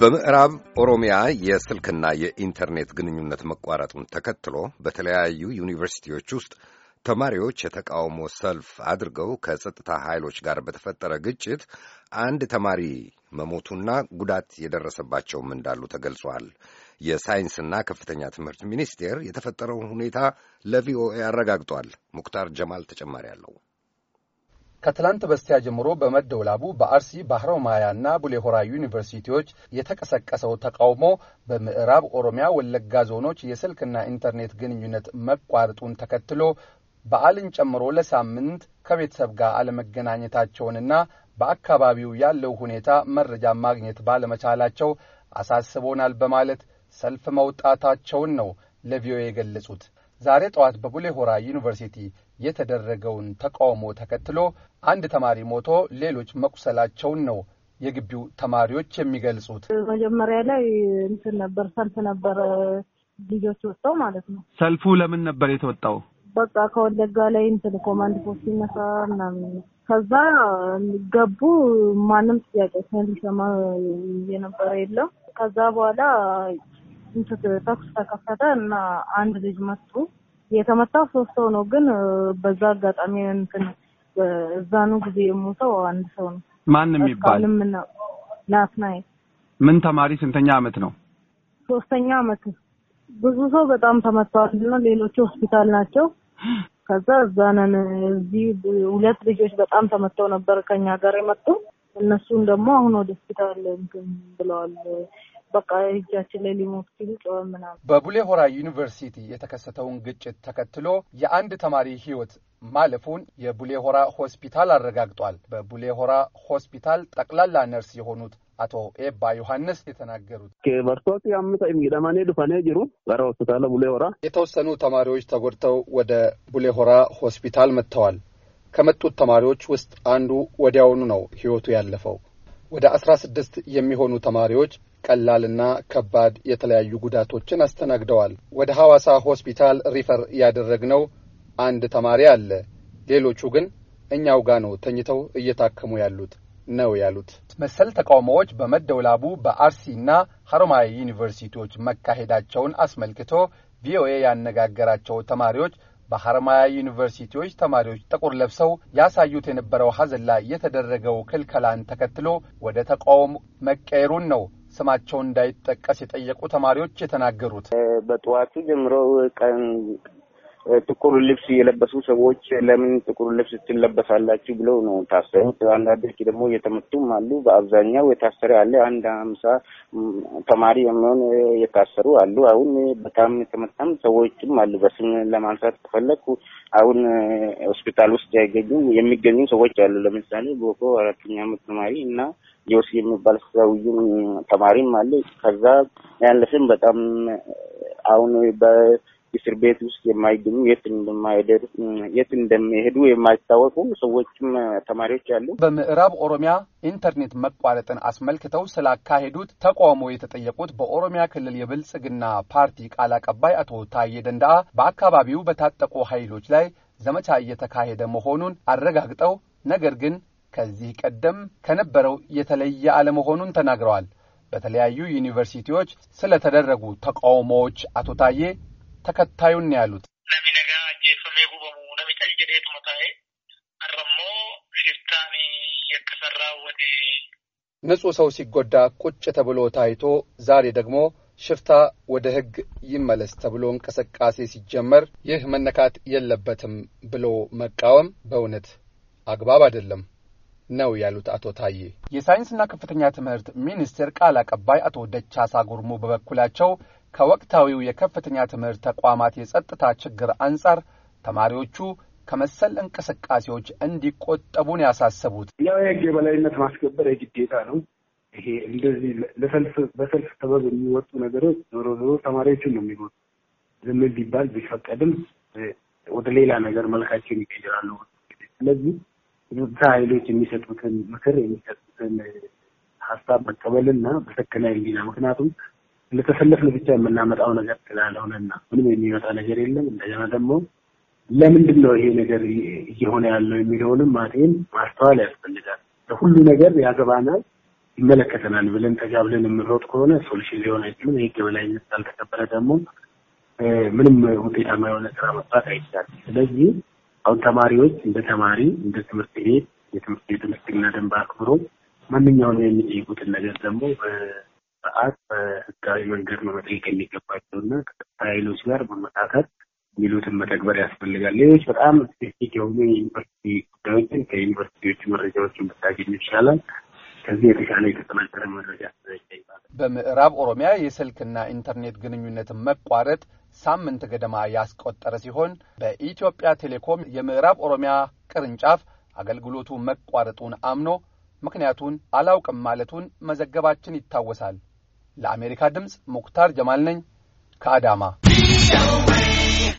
በምዕራብ ኦሮሚያ የስልክና የኢንተርኔት ግንኙነት መቋረጡን ተከትሎ በተለያዩ ዩኒቨርሲቲዎች ውስጥ ተማሪዎች የተቃውሞ ሰልፍ አድርገው ከጸጥታ ኃይሎች ጋር በተፈጠረ ግጭት አንድ ተማሪ መሞቱና ጉዳት የደረሰባቸውም እንዳሉ ተገልጿል። የሳይንስና ከፍተኛ ትምህርት ሚኒስቴር የተፈጠረውን ሁኔታ ለቪኦኤ አረጋግጧል። ሙክታር ጀማል ተጨማሪ አለው። ከትላንት በስቲያ ጀምሮ በመደውላቡ በአርሲ ባህረ ማያና ቡሌሆራ ዩኒቨርሲቲዎች የተቀሰቀሰው ተቃውሞ በምዕራብ ኦሮሚያ ወለጋ ዞኖች የስልክና ኢንተርኔት ግንኙነት መቋረጡን ተከትሎ በዓልን ጨምሮ ለሳምንት ከቤተሰብ ጋር አለመገናኘታቸውንና በአካባቢው ያለው ሁኔታ መረጃ ማግኘት ባለመቻላቸው አሳስቦናል በማለት ሰልፍ መውጣታቸውን ነው ለቪኦኤ የገለጹት። ዛሬ ጠዋት በቡሌሆራ ዩኒቨርሲቲ የተደረገውን ተቃውሞ ተከትሎ አንድ ተማሪ ሞቶ ሌሎች መቁሰላቸውን ነው የግቢው ተማሪዎች የሚገልጹት። መጀመሪያ ላይ እንትን ነበር፣ ሰልፍ ነበር ልጆች ወጣው ማለት ነው። ሰልፉ ለምን ነበር የተወጣው? በቃ ከወለጋ ላይ እንትን ኮማንድ ፖስት ይነሳ ምናምን ከዛ ገቡ። ማንም ጥያቄ ሰማ የነበረ የለም። ከዛ በኋላ ተኩስ ተከፈተ እና አንድ ልጅ መቱ። የተመታው ሶስት ሰው ነው፣ ግን በዛ አጋጣሚ እንትን እዛኑ ጊዜ የሞተው አንድ ሰው ነው። ማን የሚባል ናትናኤል። ምን ተማሪ ስንተኛ አመት ነው? ሶስተኛ አመት። ብዙ ሰው በጣም ተመቷል እና ሌሎቹ ሆስፒታል ናቸው። ከዛ እዛ ነን። እዚህ ሁለት ልጆች በጣም ተመተው ነበር ከኛ ጋር የመጡ እነሱን ደግሞ አሁን ወደ ሆስፒታል እንትን ብለዋል በቃ እጃችን ላይ ሊሞት ሲሉ ጮኸ ምናምን። በቡሌ ሆራ ዩኒቨርሲቲ የተከሰተውን ግጭት ተከትሎ የአንድ ተማሪ ህይወት ማለፉን የቡሌ ሆራ ሆስፒታል አረጋግጧል። በቡሌ ሆራ ሆስፒታል ጠቅላላ ነርስ የሆኑት አቶ ኤባ ዮሐንስ የተናገሩት በርቶት አምሳ ሚዳማኔ ዱፋኔ ጅሩ ጋራ ሆስፒታል ቡሌ ሆራ የተወሰኑ ተማሪዎች ተጎድተው ወደ ቡሌ ሆራ ሆስፒታል መጥተዋል። ከመጡት ተማሪዎች ውስጥ አንዱ ወዲያውኑ ነው ህይወቱ ያለፈው። ወደ አስራ ስድስት የሚሆኑ ተማሪዎች ቀላልና ከባድ የተለያዩ ጉዳቶችን አስተናግደዋል። ወደ ሐዋሳ ሆስፒታል ሪፈር ያደረግነው አንድ ተማሪ አለ። ሌሎቹ ግን እኛው ጋ ነው ተኝተው እየታከሙ ያሉት ነው ያሉት። መሰል ተቃውሞዎች በመደውላቡ በአርሲ እና ሐሮማያ ዩኒቨርሲቲዎች መካሄዳቸውን አስመልክቶ ቪኦኤ ያነጋገራቸው ተማሪዎች በሐረማያ ዩኒቨርሲቲዎች ተማሪዎች ጥቁር ለብሰው ያሳዩት የነበረው ሐዘን ላይ የተደረገው ክልከላን ተከትሎ ወደ ተቃውሞ መቀየሩን ነው ስማቸው እንዳይጠቀስ የጠየቁ ተማሪዎች የተናገሩት በጠዋቱ ጀምሮ ቀን ጥቁር ልብስ የለበሱ ሰዎች ለምን ጥቁር ልብስ ትለበሳላችሁ ብለው ነው ታሰሩት። አንዳንዶች ደግሞ የተመቱም አሉ። በአብዛኛው የታሰረ አለ። አንድ አምሳ ተማሪ የሚሆን የታሰሩ አሉ። አሁን በጣም የተመታም ሰዎችም አሉ። በስም ለማንሳት ከፈለኩ አሁን ሆስፒታል ውስጥ ያገኙ የሚገኙ ሰዎች አሉ። ለምሳሌ ቦኮ አራተኛ አመት ተማሪ እና ዮሲ የሚባል ሰውዬም ተማሪም አለ። ከዛ ያለፍም በጣም አሁን በእስር ቤት ውስጥ የማይገኙ የት እንደማይደር የት እንደሚሄዱ የማይታወቁ ሰዎችም ተማሪዎች አሉ። በምዕራብ ኦሮሚያ ኢንተርኔት መቋረጥን አስመልክተው ስላካሄዱት ተቃውሞ የተጠየቁት በኦሮሚያ ክልል የብልጽግና ፓርቲ ቃል አቀባይ አቶ ታዬ ደንዳአ በአካባቢው በታጠቁ ኃይሎች ላይ ዘመቻ እየተካሄደ መሆኑን አረጋግጠው ነገር ግን ከዚህ ቀደም ከነበረው የተለየ አለመሆኑን ተናግረዋል። በተለያዩ ዩኒቨርሲቲዎች ስለተደረጉ ተቃውሞዎች አቶ ታዬ ተከታዩን ያሉት ንጹህ ሰው ሲጎዳ ቁጭ ተብሎ ታይቶ ዛሬ ደግሞ ሽፍታ ወደ ሕግ ይመለስ ተብሎ እንቅስቃሴ ሲጀመር ይህ መነካት የለበትም ብሎ መቃወም በእውነት አግባብ አይደለም። ነው ያሉት አቶ ታዬ። የሳይንስና ከፍተኛ ትምህርት ሚኒስቴር ቃል አቀባይ አቶ ደቻሳ ጉርሙ በበኩላቸው ከወቅታዊው የከፍተኛ ትምህርት ተቋማት የጸጥታ ችግር አንጻር ተማሪዎቹ ከመሰል እንቅስቃሴዎች እንዲቆጠቡን ያሳሰቡት ያው የህግ የበላይነት ማስከበር የግዴታ ነው። ይሄ እንደዚህ ለሰልፍ በሰልፍ ሰበብ የሚወጡ ነገሮች ዞሮ ዞሮ ተማሪዎችን ነው የሚጎዱ። ዝም ቢባል ቢፈቀድም ወደ ሌላ ነገር መልካቸውን ይቀይራሉ። ስለዚህ የጸጥታ ኃይሎች የሚሰጡትን ምክር የሚሰጡትን ሀሳብ መቀበልና በሰከነ ሕሊና ምክንያቱም ለተሰለፍን ብቻ የምናመጣው ነገር ስላልሆነና ምንም የሚመጣ ነገር የለም። እንደገና ደግሞ ለምንድን ነው ይሄ ነገር እየሆነ ያለው የሚለውንም ማቴን ማስተዋል ያስፈልጋል። ለሁሉ ነገር ያገባናል፣ ይመለከተናል ብለን ተጋብለን የምንሮጥ ከሆነ ሶሉሽን ሊሆን አይችልም። ይህ የበላይነት ካልተከበረ ደግሞ ምንም ውጤታማ የሆነ ስራ መስራት አይችላል። ስለዚህ አሁን ተማሪዎች እንደ ተማሪ እንደ ትምህርት ቤት የትምህርት ቤቱን ሕግና ደንብ አክብሮ ማንኛውንም የሚጠይቁትን ነገር ደግሞ በሰዓት በህጋዊ መንገድ ነው መጠየቅ የሚገባቸው እና ከጸጥታ ኃይሎች ጋር በመካከል የሚሉትን መተግበር ያስፈልጋል። ሌሎች በጣም ስፔሲፊክ የሆኑ የዩኒቨርሲቲ ጉዳዮችን ከዩኒቨርሲቲዎች መረጃዎችን ብታገኙ ይሻላል። ከዚህ የተሻለ የተጠናከረ መረጃ በምዕራብ ኦሮሚያ የስልክና ኢንተርኔት ግንኙነትን መቋረጥ ሳምንት ገደማ ያስቆጠረ ሲሆን በኢትዮጵያ ቴሌኮም የምዕራብ ኦሮሚያ ቅርንጫፍ አገልግሎቱ መቋረጡን አምኖ ምክንያቱን አላውቅም ማለቱን መዘገባችን ይታወሳል። ለአሜሪካ ድምፅ ሙክታር ጀማል ነኝ ከአዳማ።